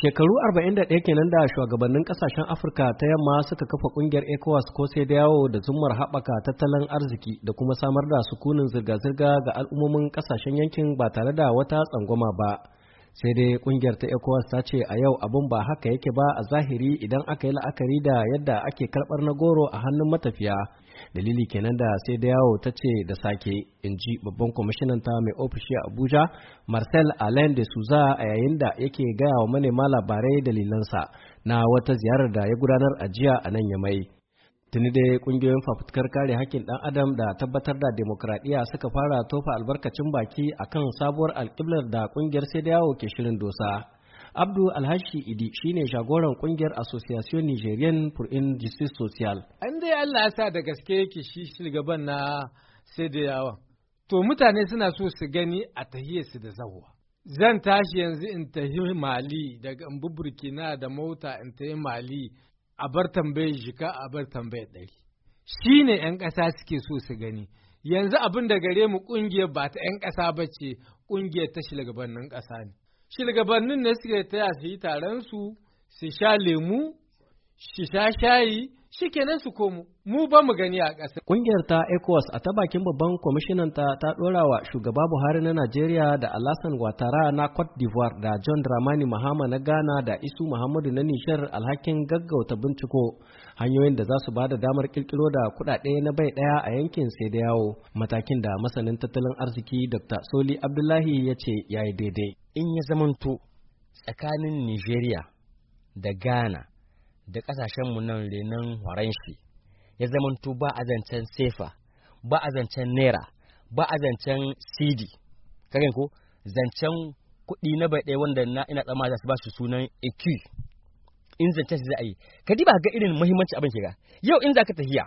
Shekaru 41 kenan da shugabannin kasashen Afirka ta yamma suka kafa kungiyar ECOWAS ko sai da yawo da zumar haɓaka tattalin arziki da kuma samar da sukunin zirga-zirga ga al'ummomin kasashen yankin ba tare da wata tsangwama ba. sai dai kungiyar ta ecowas ta ce a yau abun ba haka yake ba a zahiri idan aka yi la'akari da yadda ake karbar na goro a hannun matafiya dalili kenan da sai da yawo ta ce da sake in ji babban kwamishinan ta mai ofishi a abuja marcel alain de souza a yayin da yake gaya wa manema labarai dalilansa na wata ziyarar da ya gudanar a jiya a nan ya mai. tuni dai kungiyoyin fafutukar kare hakkin dan adam da tabbatar da demokradiyya suka fara tofa albarkacin baki akan sabuwar alƙiblar da kungiyar sai da yawo ke shirin dosa abdu alhashi idi shine shagoran kungiyar association nigerian for injustice social an dai allah sa da gaske yake shi shugaban na sai da yawa to mutane suna so su gani a tahiyarsu da zahuwa zan tashi yanzu in tahi mali daga in burkina da mota in tahi mali a bar tambayar jika a bar tambayar ɗari shi ne 'yan ƙasa suke so su gani yanzu abin da gare mu ƙungiyar ba ta 'yan ƙasa ba ce ƙungiyar ta shilgabannin ƙasa ne shilgabannin ne suke taya su yi taron su su sha lemu shi sha shayi shi kenan su komo mu ba mu gani a ƙasa. Ƙungiyar ta ECOWAS a ta bakin babban kwamishinanta ta ɗora wa shugaba Buhari na Najeriya da Alassane Ouattara na Cote d'Ivoire da John Dramani Mahama na Ghana da Isu Muhammadu na Nishar alhakin gaggauta binciko hanyoyin da za su ba da damar kirkiro da kuɗaɗe na bai ɗaya a yankin sai da yawo matakin da masanin tattalin arziki Dr. Soli Abdullahi ya ce ya yi daidai. In ya zamanto tsakanin Nijeriya da Ghana da ƙasashenmu nan renon horon shi ya zamanto ba a zancen sefa ba a zancen naira ba a zancen cd kagan ko zancen kuɗi na bai ɗaya wanda na ina tsama za su ba su sunan eq in zancen su za a yi ka ba ga irin muhimmanci abin shiga yau in za ka tafiya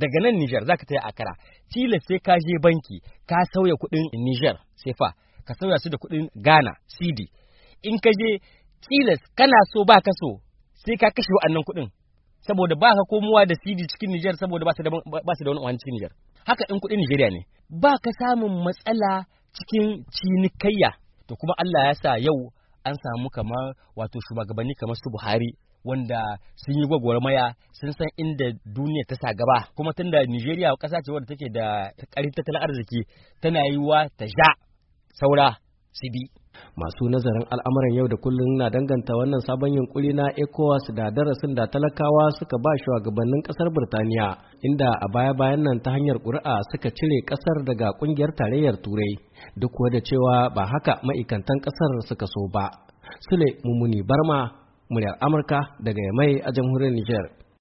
daga nan Nijar za ka a kara. tilas sai ka je banki ka sauya kuɗin Nijar sefa ka sauya su da kuɗin Ghana CD in ka je tilas kana so ba ka so sai ka kashe wa'annan kuɗin saboda ba ka komowa da sidi cikin Nijar saboda ba su da wani wani cikin Nijar haka ɗin kuɗin Nijeriya ne ba ka samun matsala cikin cinikayya to kuma Allah ya sa yau an samu kamar wato shugabanni kamar su Buhari wanda sun yi gwagwarmaya sun san inda duniya ta sa gaba kuma tunda Nigeria kasa ce wadda take da ƙarin tattalin arziki tana yi wa ta sha saura su masu nazarin al'amuran yau da kullum na danganta wannan sabon yunkuri na ecowas da darasin da talakawa suka ba shugabannin kasar birtaniya inda a baya-bayan nan ta hanyar ƙuri'a suka cire kasar daga kungiyar tarayyar turai duk kuwa da cewa ba haka ma'aikantan kasar suka so ba sule mummuni barma muryar amurka daga mai a jamhuriyar niger